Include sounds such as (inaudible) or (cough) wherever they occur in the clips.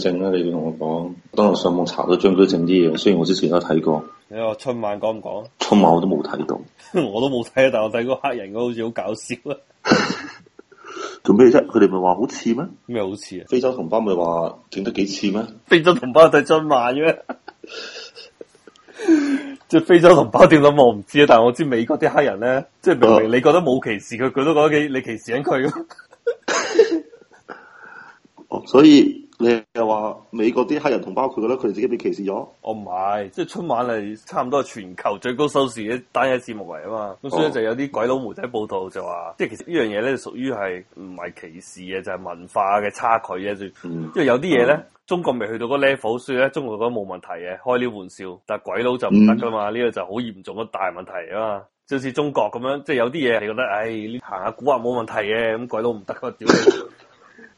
正啦，你同我講，我當時上網查到張居正啲嘢，雖然我之前都睇過。你話春晚講唔講？春晚我都冇睇到， (laughs) 我都冇睇，但我睇個黑人個好似好搞笑啊！做咩啫？佢哋咪係話好似咩？咩好似啊？非洲同胞咪話整得幾似咩？非洲同胞就係春晚嘅，即 (laughs) 係非洲同胞點諗我唔知咧？但我知美國啲黑人咧，即係明明你覺得冇歧視佢，佢都覺得你歧視緊佢。哦 (laughs) (laughs) 所以。你又話美國啲黑人同胞佢覺得佢哋自己被歧視咗。我唔係，即係春晚係差唔多全球最高收視嘅單一節目嚟啊嘛。咁、oh. 所以就有啲鬼佬媒體報道就話，即係其實呢樣嘢咧屬於係唔係歧視嘅，就係、是、文化嘅差距嘅。就、mm. 因為有啲嘢咧，中國未去到嗰 level，所以咧中國覺得冇問題嘅，開呢玩笑。但係鬼佬就唔得噶嘛，呢、mm. 個就好嚴重嘅大問題啊嘛。就好似中國咁樣，即係有啲嘢你覺得，唉、哎，行下古惑冇問題嘅，咁鬼佬唔得噶，屌！ (laughs)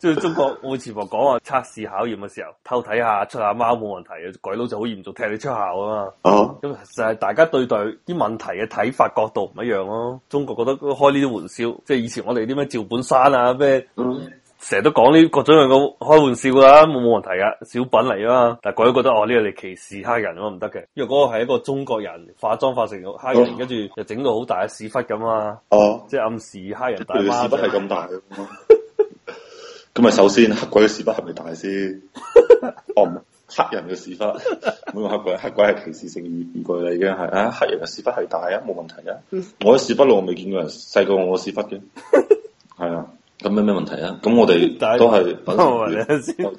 即係 (laughs) 中國，我前排講話測試考驗嘅時候，偷睇下出下貓冇問題嘅，鬼佬就好嚴重踢你出校啊嘛。咁、啊嗯、就係、是、大家對待啲問題嘅睇法角度唔一樣咯。中國覺得開呢啲玩笑，即係以前我哋啲咩趙本山啊，咩成日都講呢各種樣嘅開玩笑噶啦，冇冇問題噶，小品嚟啊嘛。但鬼佬覺得哦，呢樣嚟歧視黑人啊，唔得嘅，因為嗰個係一個中國人化妝化成咗黑人，跟住就整到好大嘅屎忽咁啊。哦，啊啊、即係暗示黑人大媽屎忽係咁大。咁啊，首先黑鬼嘅屎忽係咪大先？我唔黑人嘅屎忽，唔好話黑鬼，黑鬼係歧視性言言句啦，已經係啊。黑人嘅屎忽係大啊，冇問題啊！ (laughs) 我喺屎忽路，我未見過人細過我嘅屎忽嘅，係啊！咁咩咩問題啊？咁我哋都係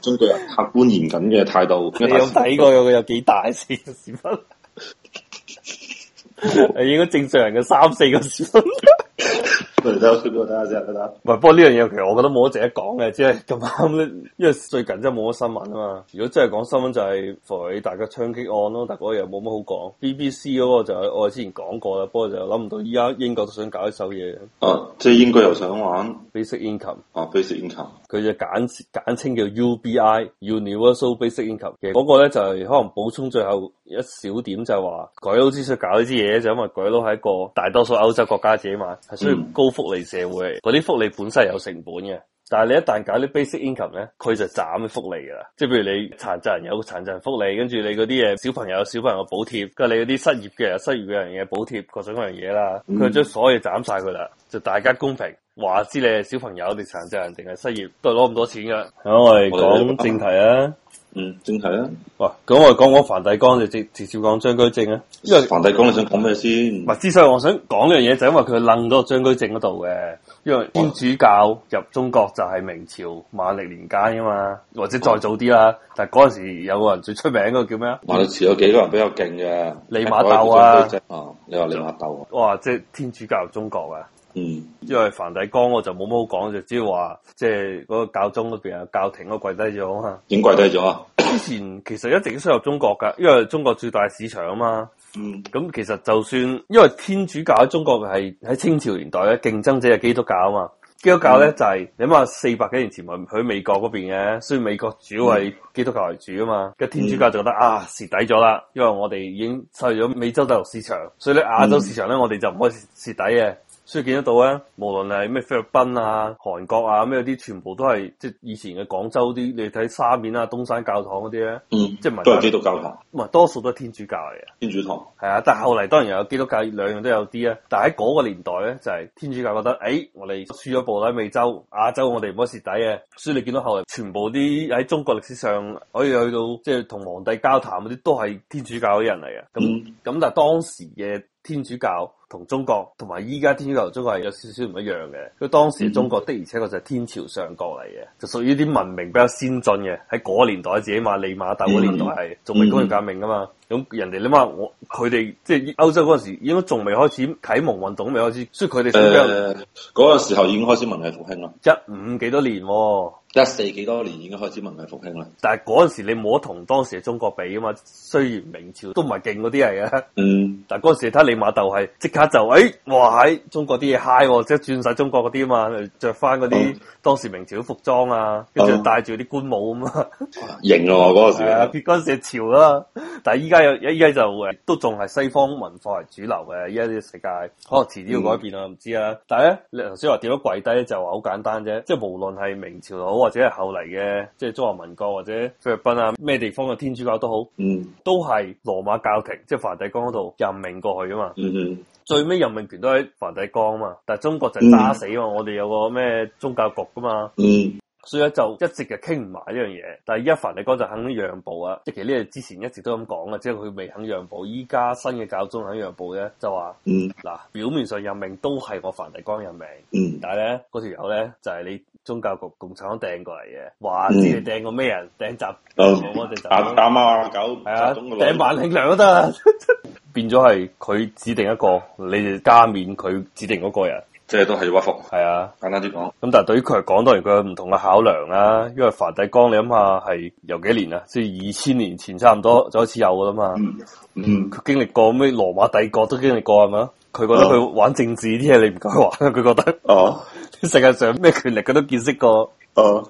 中國人客觀嚴謹嘅態度， (laughs) 你有睇過佢有幾大屎屎忽？你應該正常人嘅三四個屎忽。 (laughs) 唔係，不過呢樣嘢其實我覺得冇得值得講嘅，即係咁啱咧，因為最近真係冇乜新聞啊嘛。如果真係講新聞，就是，就係 f o 大家槍擊案咯，但係嗰又冇乜好講。BBC 嗰個就係我哋之前講過啦，不過就諗唔到依家英國都想搞一手嘢。啊，即係英國又想玩 basic income 啊，basic income。佢就簡簡稱叫 UBI（Universal Basic Income）。嗰個咧就係、是、可能補充最後一小點就，就話鬼佬啲嘢搞呢啲嘢，就因為鬼佬係一個大多數歐洲國家自己買，係需要高。福利社會嗰啲福利本身係有成本嘅，但係你一旦搞啲 basic income 咧，佢就斬嘅福利噶啦。即係譬如你殘疾人有個殘疾人福利，跟住你嗰啲嘢小朋友有小朋友嘅補貼，跟住你嗰啲失業嘅又失業嘅人嘅補貼，各種各樣嘢啦，佢就將所有嘢斬晒佢啦，就大家公平，話知你係小朋友定殘疾人定係失業都係攞咁多錢噶。嗯、好，我哋講正題啊。嗯，正係啊。哇，咁我哋講講梵蒂岡，就直，直直接講張居正啊。因為梵蒂岡你想講咩先？唔係之所以我想講呢樣嘢，就係、因為佢楞咗張居正嗰度嘅。因為天主教入中國就係明朝萬曆年間啊嘛，或者再早啲啦。但係嗰陣時有個人最出名嘅叫咩啊？萬曆朝有幾個人比較勁嘅，利瑪竇啊。哦、啊，你話利瑪竇啊？哇，即係天主教入中國啊！嗯，因為梵蒂岡我就冇乜好講，就只話即係嗰個教宗嗰邊啊，教廷都跪低咗啊，已經跪低咗啊？之前其實一直都輸入中國噶，因為中國最大市場啊嘛。嗯，咁其實就算因為天主教喺中國係喺清朝年代咧，競爭者係基督教啊嘛，基督教咧、嗯、就係、是、你諗下四百幾年前咪唔係美國嗰邊嘅，所以美國主要係基督教為主啊嘛，但天主教就覺得、嗯、啊蝕底咗啦，因為我哋已經失去咗美洲大陸市場，所以咧亞洲市場咧我哋就唔可以蝕底嘅。嗯所以見得到咧，無論係咩菲律賓啊、韓國啊、咩啲，全部都係即係以前嘅廣州啲。你睇沙面啊、東山教堂嗰啲咧，嗯、即係唔係都係基督教堂？唔係，多數都係天主教嚟嘅。天主堂係啊，但係後嚟當然有基督教，兩樣都有啲啊。但係喺嗰個年代咧，就係、是、天主教覺得，誒、哎，我哋輸咗步喺美洲、亞洲，我哋唔可以蝕底啊。所以你見到後嚟全部啲喺中國歷史上可以去到，即係同皇帝交談嗰啲，都係天主教嗰啲人嚟嘅。咁咁，嗯、但係當時嘅。天主教同中國，同埋依家天主教同中國係有少少唔一樣嘅。佢當時中國的而且確就係天朝上國嚟嘅，就屬於啲文明比較先進嘅。喺嗰個年代自己話利馬竇嗰年代係仲未工業革命㗎嘛。咁、嗯嗯、人哋你問下我佢哋即係歐洲嗰陣時應該仲未開始啟蒙運動未開始，所以佢哋誒嗰個時候已經開始文藝復興啦。一五幾多年、哦。一四幾多年已經開始文藝復興啦，但係嗰陣時你冇同當時嘅中國比啊嘛，雖然明朝都唔係勁嗰啲嚟嘅，嗯，但係嗰陣時睇利瑪竇係即刻就誒、哎，哇喺中國啲嘢 high，即係轉晒中國嗰啲啊嘛，着翻嗰啲當時明朝嘅服裝啊，跟住帶住啲官帽咁啊，型 (laughs) 啊，嗰、那、陣、個、時啊，嗰陣時係潮啦，但係依家有依家就，就都仲係西方文化為主流嘅，依家啲世界可能遲啲要改變啊，唔、嗯、知啊，但係咧你頭先話點樣跪低咧就話好簡單啫，即、就、係、是、無論係明朝好。或者係後嚟嘅，即係中華民國或者菲律賓啊，咩地方嘅天主教都好，都係羅馬教廷即係梵蒂岡嗰度任命過去噶嘛。Mm hmm. 最屘任命權都喺梵蒂岡啊嘛，但係中國就打死啊嘛，mm hmm. 我哋有個咩宗教局噶嘛。Mm hmm. 所以咧就一直就傾唔埋呢樣嘢，但係而家梵蒂岡就肯讓步啊！即係其實呢係之前一直都咁講嘅，即係佢未肯讓步，依家新嘅教宗肯讓步嘅就話，嗱、嗯、表面上任命都係我梵蒂岡任命，嗯、但係咧嗰條友咧就係、是、你宗教局共產黨掟過嚟嘅，話知你掟個咩人掟習，我哋打打孖狗，係啊、嗯，掟萬慶良都得，啊， (laughs) 變咗係佢指定一個，你哋加冕佢指定嗰個人。即係都係屈服，係啊，簡單啲講。咁但係對於佢嚟講，當然佢有唔同嘅考量啦，啊。因為梵蒂岡，你諗下係有幾年啊？即係二千年前差唔多就開始有噶啦嘛。嗯佢，嗯、經歷過咩？羅馬帝國都經歷過，係咪？佢覺得佢玩政治啲嘢，你唔該玩。佢覺得哦，嗯、 (laughs) 世界上咩權力佢都見識過。誒，嗯，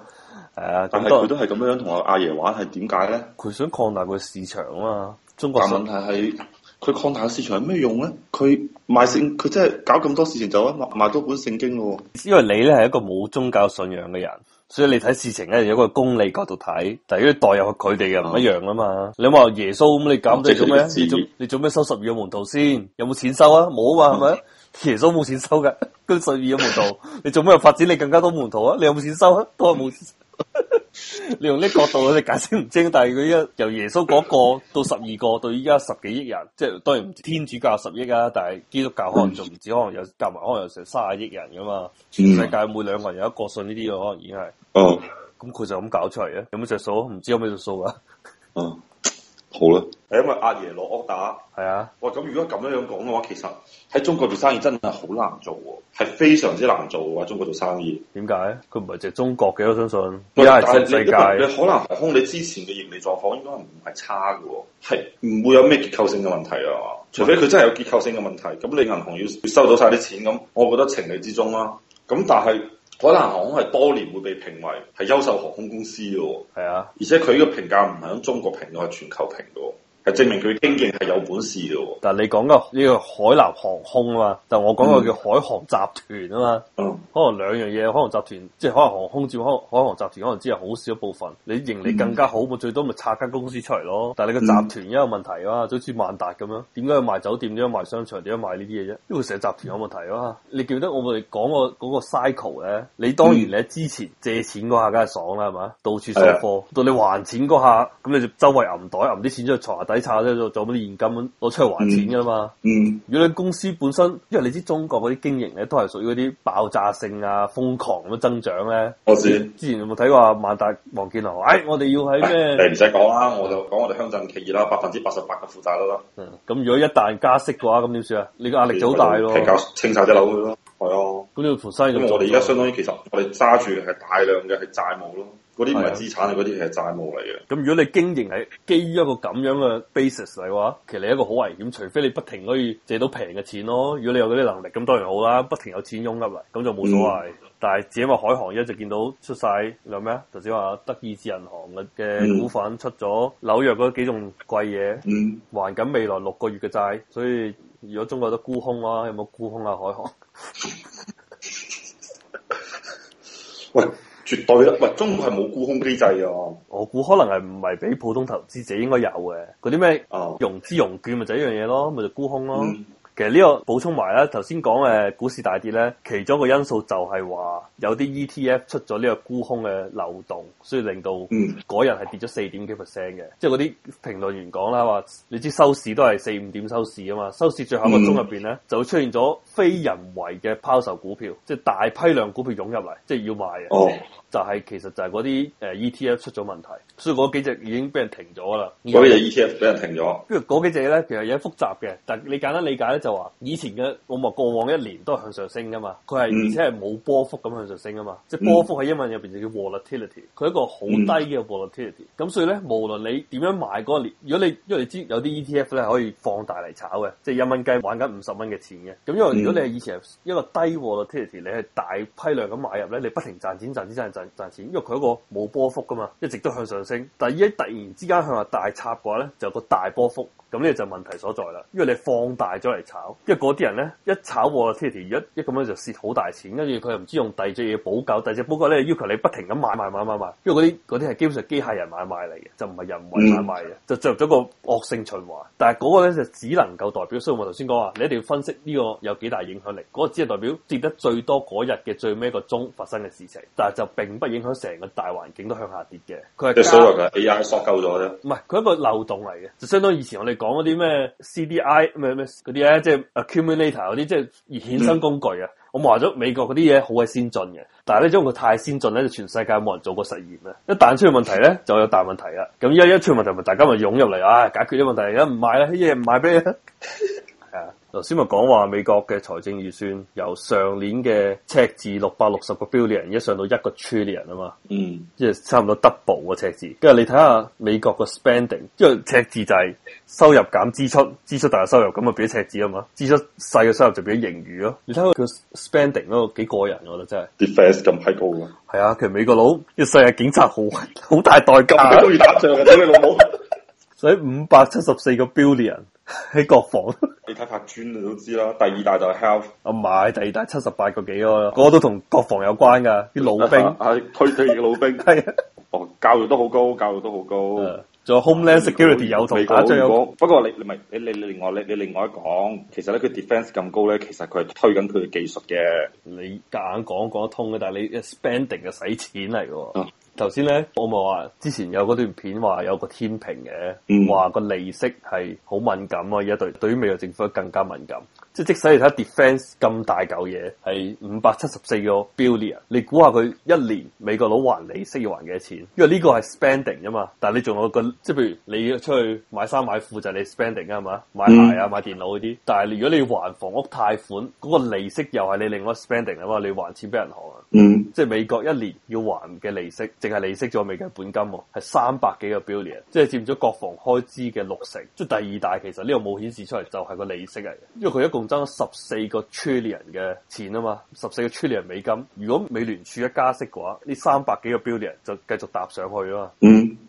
係啊，但佢都係咁樣樣同阿阿爺玩，係點解咧？佢想擴大佢市場啊嘛。中國問題喺。佢擴大個市場有咩用咧？佢賣聖，佢真係搞咁多事情就揾賣多本聖經咯。因為你咧係一個冇宗教信仰嘅人，所以你睇事情咧有一個公理角度睇，但係如果代入去佢哋嘅唔一樣啦嘛。你話耶穌咁你搞即 (music) 做咩？你做你做咩收十二個門徒先？有冇錢收啊？冇啊嘛係咪？ (laughs) 耶穌冇錢收嘅，跟十二個門徒，你做咩發展你更加多門徒啊？你有冇錢收啊？都係冇。 (laughs) (laughs) 你用啲角度你解釋唔清。但係佢一由耶穌嗰個到十二個到依家十幾億人，即係當然唔知天主教十億啊，但係基督教可能仲唔止，可能有夾埋可能有成卅億人噶嘛，全世界每兩個人有一個信呢啲嘅，可能已經係哦，咁佢、嗯嗯、就咁搞出嚟嘅，有冇着數？唔知有咩着數啊？嗯。 (laughs) 好啦，係因為阿爺攞屋打，係啊。哇，咁如果咁樣樣講嘅話，其實喺中國做生意真係好難做，係非常之難做嘅喎。中國做生意，點解？佢唔係淨係中國嘅，我相信。係世界但係你，你，你，你可能航空，你之前嘅盈利狀況應該唔係差嘅，係唔會有咩結構性嘅問題啊？除非佢真係有結構性嘅問題，咁你銀行要收到晒啲錢，咁我覺得情理之中啦。咁但係。海南航空係多年會被評為係優秀航空公司嘅喎，係啊的，而且佢嘅評價唔係喺中國評，係全球評嘅。係證明佢經營係有本事嘅、哦。但係你講個呢個海南航空啊嘛，但、就、係、是、我講個叫海航集團啊嘛，嗯，可兩。可能兩樣嘢，可能航海航集團即係海南航空佔，海海航集團可能只係好少一部分。你盈利更加好，我最多咪拆間公司出嚟咯。但係你個集團有一有問題啊，就好似萬達咁樣，點解賣酒店點樣賣商場，點樣賣呢啲嘢啫？因為成集團有問題啊。嘛。你記得我哋講個嗰個 cycle 咧，你當然你之前借錢嗰下梗係爽啦，係嘛？到處掃貨，嗯、到你還錢嗰下，咁你就周圍揞袋揞啲錢出去坐下抵拆咧做咁啲現金攞出嚟還錢噶嘛，嗯嗯、如果你公司本身，因為你知中國嗰啲經營咧都係屬於嗰啲爆炸性啊瘋狂咁增長咧，我是之前有冇睇過萬達王健林話、哎，我哋要喺咩？誒、哎，唔使講啦，我就講我哋鄉鎮企業啦，百分之八十八嘅負債率啦。咁、嗯、如果一旦加息嘅話，咁點算啊？你個壓力就好大咯。平交清晒隻樓咯，係啊。咁呢要負西咁，嗯、我哋而家相當於其實、嗯、我哋揸住嘅係大量嘅係債務咯。嗰啲唔係資產，嗰啲係債務嚟嘅。咁如果你經營係基於一個咁樣嘅 basis 嚟嘅話，其實你一個好危險。除非你不停可以借到平嘅錢咯。如果你有嗰啲能力，咁當然好啦。不停有錢用得嚟，咁就冇所謂。嗯、但係自己話海航一直見到出晒，有咩？頭先話德意志銀行嘅股份出咗、嗯、紐約嗰幾種貴嘢，嗯、還緊未來六個月嘅債，所以如果中國都沽空啦，有冇沽空啊海航？ (laughs) 喂！絕對啦，喂，中國係冇沽空機制啊！我估可能係唔係畀普通投資者應該有嘅嗰啲咩啊融資融券咪就一樣嘢咯，咪就是，沽空咯。嗯、其實呢、呢個補充埋啦，頭先講誒股市大跌咧，其中一個因素就係話有啲 ETF 出咗呢個沽空嘅漏洞，所以令到嗰日係跌咗四點幾 percent 嘅。嗯、即係嗰啲評論員講啦，話你知收市都係四五點收市啊嘛，收市最後一個鐘入邊咧就會出現咗非人為嘅拋售股票，即係大批量股票湧入嚟，即係要賣啊！哦就係其實就係嗰啲誒 ETF 出咗問題，所以嗰幾隻已經俾人停咗啦。嗰幾隻 ETF 俾人停咗，跟住嗰幾隻咧其實有複雜嘅，但你簡單理解咧就話，以前嘅我話過往一年都係向上升噶嘛，佢係而且係冇波幅咁向上升噶嘛，即係波幅喺英文入邊就叫 volatility，佢係一個好低嘅 volatility、嗯。咁所以咧，無論你點樣買嗰年，如果你因為你知有啲 ETF 咧可以放大嚟炒嘅，即係一蚊雞玩緊五十蚊嘅錢嘅，咁因為、嗯、如果你係以前係一個低 volatility，你係大批量咁買入咧，你不停賺錢賺錢賺，賺錢賺錢賺錢，因為佢一個冇波幅噶嘛，一直都向上升。但係而家突然之間向下大插嘅話咧，就有個大波幅，咁呢個就問題所在啦。因為你放大咗嚟炒，因為嗰啲人咧一炒喎 t i t 一一咁樣就蝕好大錢，跟住佢又唔知用第二隻嘢補救，第二隻不過咧要求你不停咁買買買買買，因為嗰啲嗰啲係基本上機械人買賣嚟嘅，就唔係人為買賣嘅，就進入咗個惡性循環。但係嗰個咧就只能夠代表，所以我頭先講話，你一定要分析呢個有幾大影響力。嗰個只係代表跌得最多嗰日嘅最尾一個鐘發生嘅事情，但係就並不影響成個大環境都向下跌嘅，佢係所謂嘅 A I 索夠咗啫。唔係，佢係一個漏洞嚟嘅，就相當以前我哋講嗰啲咩 C D I 咩咩嗰啲咧，即係 accumulator 嗰啲，即係衍生工具啊。嗯、我話咗美國嗰啲嘢好係先進嘅，但係咧，因為太先進咧，就全世界冇人做過實驗啊。一旦出問題咧，就有大問題啦。咁一一出問題，咪大家咪湧入嚟啊，解決啲問題。而家唔買啦，啲嘢唔買俾你。 (laughs) 頭先咪講話美國嘅財政預算由上年嘅赤字六百六十個 billion，而家上到一個 trillion 啊嘛、嗯，即係、就是、差唔多 double 個赤字。跟住你睇下美國個 spending，即係赤字就係收入減支出，支出大過收入，咁咪變咗赤字啊嘛，支出細嘅收入就變咗盈餘咯。你睇下佢 spending 嗰個幾過人，我覺得真係。defence 咁 high 啊，其實美國佬世界警察好，好大代價，都要打仗嘅，你老母。所以五百七十四個 billion。喺國防， (laughs) 你睇拍磚你都知啦。第二大就 health，唔係、啊、第二大七十八個幾咯，嗰、啊、個都同國防有關噶，啲老兵，啊啊、推退退役嘅老兵。係，哦，教育都好高，教育都好高。仲、啊、有 homeland security 有同，未講，不過你你唔係你你，你，你另外你你另外一講，其實咧佢 defense 咁高咧，其實佢係推緊佢嘅技術嘅。你夾硬講講得通嘅，但係你 spending 就使錢嚟嘅。嗯頭先咧，我咪話之前有嗰段片話有個天平嘅，話個利息係好敏感啊，而家對對於美國政府更加敏感。即係即使你睇 defence 咁大嚿嘢，係五百七十四個 billion，你估下佢一年美國佬還利息要還幾多錢？因為呢個係 spending 啊嘛。但係你仲有個，即係譬如你出去買衫、買褲就係、是、你 spending 啊嘛，買鞋、啊買電腦嗰啲。但係如果你要還房屋貸款，嗰、那個利息又係你另外 spending 啊嘛，你還錢俾銀行啊。嗯、即係美國一年要還嘅利息，淨係利息仲未計本金係三百幾個 billion，即係佔咗國防開支嘅六成。即係第二大，其實呢個冇顯示出嚟就係、是、個利息嚟嘅，因為佢一共。增十四個 trillion 嘅錢啊嘛，十四個 trillion 美金。如果美聯儲一加息嘅話，呢三百幾個 billion 就繼續搭上去啊嘛。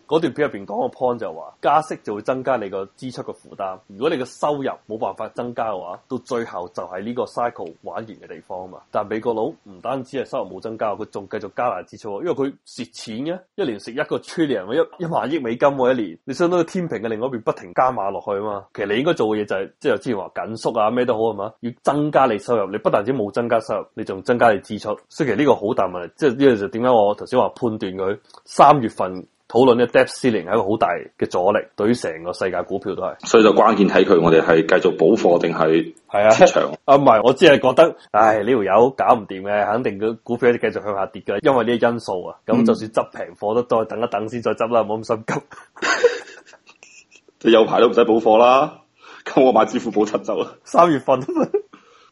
嗰、嗯、段片入邊講個 point 就話，加息就會增加你個支出嘅負擔。如果你個收入冇辦法增加嘅話，到最後就係呢個 cycle 玩完嘅地方啊嘛。但係美國佬唔單止係收入冇增加，佢仲繼續加大支出。因為佢蝕錢嘅，一年蝕一個 trillion，一一萬億美金喎一年。你相當於天平嘅另外一邊不停加碼落去啊嘛。其實你應該做嘅嘢就係、是，即係之前話緊縮啊，咩都好。要增加你收入，你不但止冇增加收入，你仲增加你支出。所以其實呢個好大問題，即係呢個就點解我頭先話判斷佢三月份討論呢 debt ceiling 係一個好大嘅阻力，對於成個世界股票都係。所以就關鍵睇佢，我哋係繼續補貨定係出場？是啊，唔 (laughs) 係、啊，我只係覺得，唉、哎，呢條友搞唔掂嘅，肯定嘅股票一繼續向下跌嘅，因為呢啲因素啊。咁、嗯、就算執平貨得多，都等一等先再執啦，冇咁心急。 (laughs) (laughs) 你有排都唔使補貨啦。咁我把支付寶趁走啊！三月份 (laughs)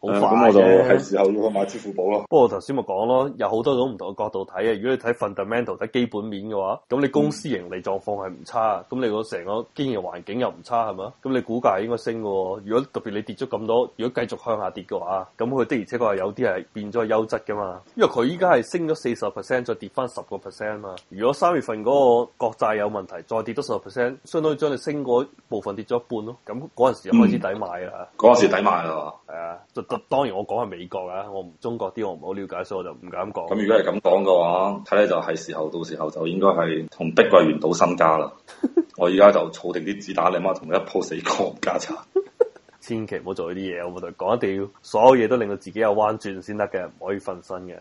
好快、嗯、我就係時候去買支付寶咯。不過頭先咪講咯，有好多種唔同嘅角度睇嘅。如果你睇 fundamental 睇基本面嘅話，咁你公司盈利狀況係唔差，咁你個成個經營環境又唔差，係咪？咁你股價係應該升嘅。如果特別你跌咗咁多，如果繼續向下跌嘅話，咁佢的而且確有啲係變咗優質嘅嘛。因為佢依家係升咗四十 percent，再跌翻十個 percent 嘛。如果三月份嗰個國債有問題，再跌多十個 percent，相當於將你升嗰部分跌咗一半咯。咁嗰陣時就開始抵買啦。嗰陣、嗯、時抵買咯，係啊、嗯。對當然我講係美國啊，我唔中國啲我唔好了解，所以我就唔敢講。咁如果係咁講嘅話，睇嚟就係時候，到時候就應該係同碧桂園賭身家啦。 (laughs) 我而家就儲定啲子彈，你媽同佢一鋪死過加查。千祈唔好做呢啲嘢，我咪同你講，一定要所有嘢都令到自己有彎轉先得嘅，唔可以瞓身嘅。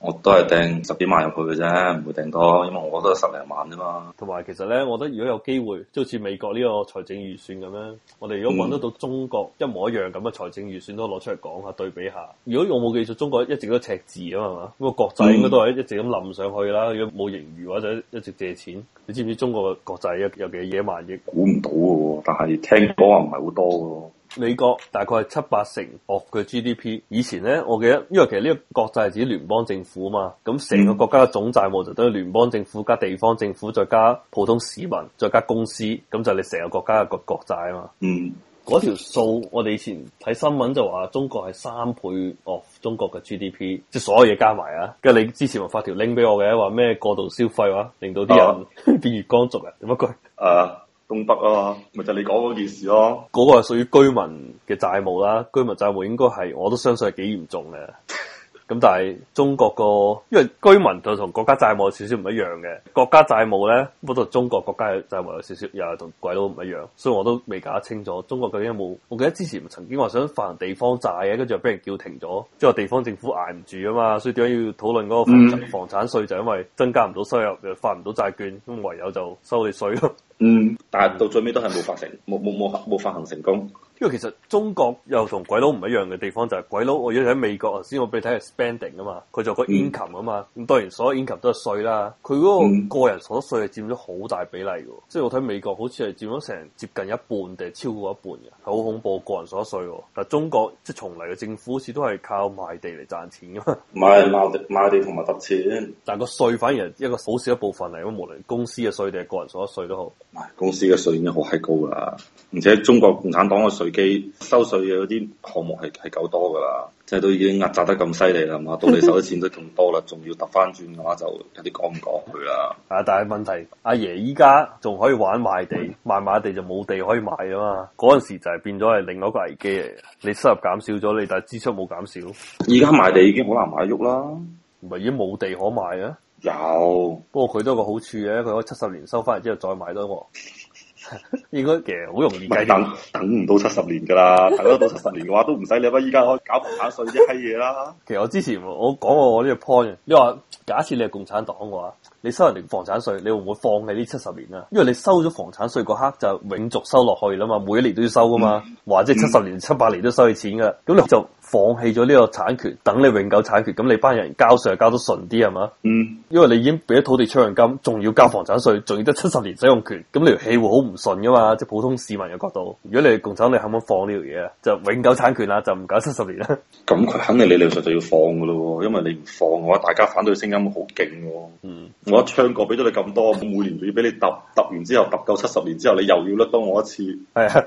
我都係掟十幾萬入去嘅啫，唔會掟多，因為我都係十零萬啫嘛。同埋其實咧，我覺得如果有機會，即好似美國呢個財政預算咁樣，我哋如果揾得到中國一模一樣咁嘅財政預算，都攞出嚟講下對比下。如果我冇記錯，中國一直都赤字啊嘛，咁個國際應該都係一直咁冧上去啦。嗯、如果冇盈餘或者一直借錢，你知唔知中國嘅國際有有幾億萬億估唔到嘅喎？但係聽講話唔係好多咯。美國大概係七八成 of 嘅 GDP，以前咧，我記得，因為其實呢個國債係指聯邦政府嘛，咁成個國家嘅總債務就都係聯邦政府加地方政府再加普通市民再加公司，咁就係你成個國家嘅國國債啊嘛。嗯，嗰條數我哋以前睇新聞就話中國係三倍 of，中國嘅 GDP 即係所有嘢加埋啊，跟住你之前話發條 link 俾我嘅，話咩過度消費哇、啊，令到啲人變月光族啊，點乜鬼啊？.東北啊，咪就係，你講嗰件事咯，啊。嗰個係屬於居民嘅債務啦，居民債務應該係我都相信係幾嚴重嘅。 (laughs) 咁但係中國個，因為居民就同國家債務有少少唔一樣嘅，國家債務咧，不過中國國家嘅債務有少少又係同鬼佬唔一樣，所以我都未搞得清楚中國究竟有冇？我記得之前曾經話想發行地方債嘅，跟住又俾人叫停咗，即係地方政府挨唔住啊嘛，所以點解要討論嗰個房，嗯，房產稅就因為增加唔到收入就發唔到債券，咁唯有就收你稅咯。嗯，但係到最尾都係冇發行，冇冇冇冇發行成功。因為其實中國又同鬼佬唔一樣嘅地方就係、係、鬼佬，我要果睇美國啊，先我俾你睇係 spending 啊嘛，佢就個 income 啊嘛，咁、嗯、當然所有 income 都係稅啦，佢嗰個個人所得稅係佔咗好大比例嘅。嗯、即係我睇美國好似係佔咗成接近一半定係超過一半嘅，係好恐怖個人所得稅。但係，中國即係從嚟嘅政府好似都係靠賣地嚟賺錢噶嘛，賣地賣地同埋揼錢，但係個稅反而係一個好少一部分嚟。咁無論公司嘅稅定係個人所得稅都好，好公司嘅稅、稅、稅已經好閪高啦，而且中國共產黨嘅稅。佢收稅嘅嗰啲項目係係夠多噶啦，即係都已經壓榨得咁犀利啦，係嘛，到你手啲錢都咁多啦，仲要揼翻轉嘅話，就有啲講唔講佢啦。啊， (laughs) 但係問題，阿爺依家仲可以玩賣地，是賣賣地就冇地可以賣㗎嘛。嗰陣時就係變咗係另外一個危機嚟。你收入減少咗，你但係支出冇減少。而家賣地已經好難賣喐啦，唔係已經冇地可賣啊？有，不過佢都有一個好處嘅，佢可七十年收翻嚟之後再賣多一個。 (laughs) 應該其實好容易計，等等唔到七十年㗎喇，等得到七十年嘅話都唔使你乜，依家可以搞房產稅啲閪嘢啦。 (laughs) 其實我之前我講過我呢個 point，你話假設你係共產黨嘅話。你收人哋房產稅，你會唔會放棄呢七十年啊？因為你收咗房產稅嗰刻就永續收落去啦嘛，每一年都要收噶嘛。嗯、或者七十年、嗯、七八年都收你錢噶，咁你就放棄咗呢個產權，等你永久產權，咁你班人交稅交得順啲係嘛？嗯，因為你已經俾咗土地出讓金，仲要交房產稅，仲要得七十年使用權，咁你條氣會好唔順噶嘛？即係普通市民嘅角度，如果你共產你肯唔肯放呢條嘢就永久產權啦，就唔搞七十年啦。咁佢肯定你理論就要放噶咯，因為你唔放嘅話，大家反對聲音好勁。嗯。我一唱過，俾咗你咁多，我每年仲要俾你揼揼完之後，揼夠七十年之後，你又要甩多我一次。係啊。